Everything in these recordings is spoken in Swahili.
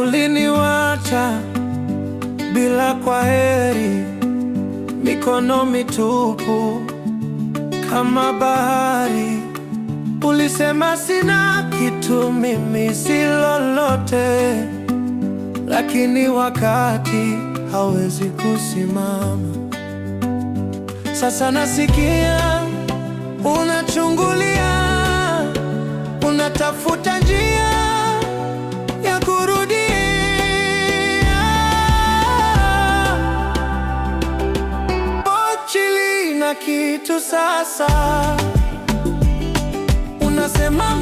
Uliniwacha bila kwaheri, mikono mitupu kama bahari. Ulisema sina kitu, mimi si lolote, lakini wakati hawezi kusimama. Sasa nasikia unachungulia kila kitu sasa, unasema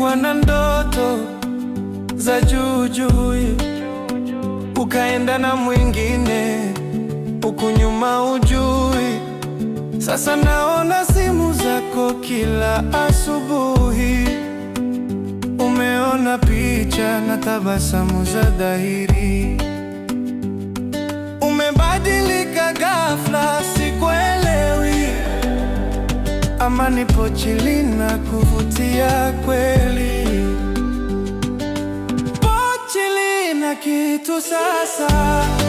Nilikuwa na ndoto za juu juu, ukaenda na mwingine huku nyuma ujui. Sasa naona simu zako kila asubuhi, umeona picha na tabasamu za dhahiri. ama nipo chini kuvutia kweli, po chini kitu sasa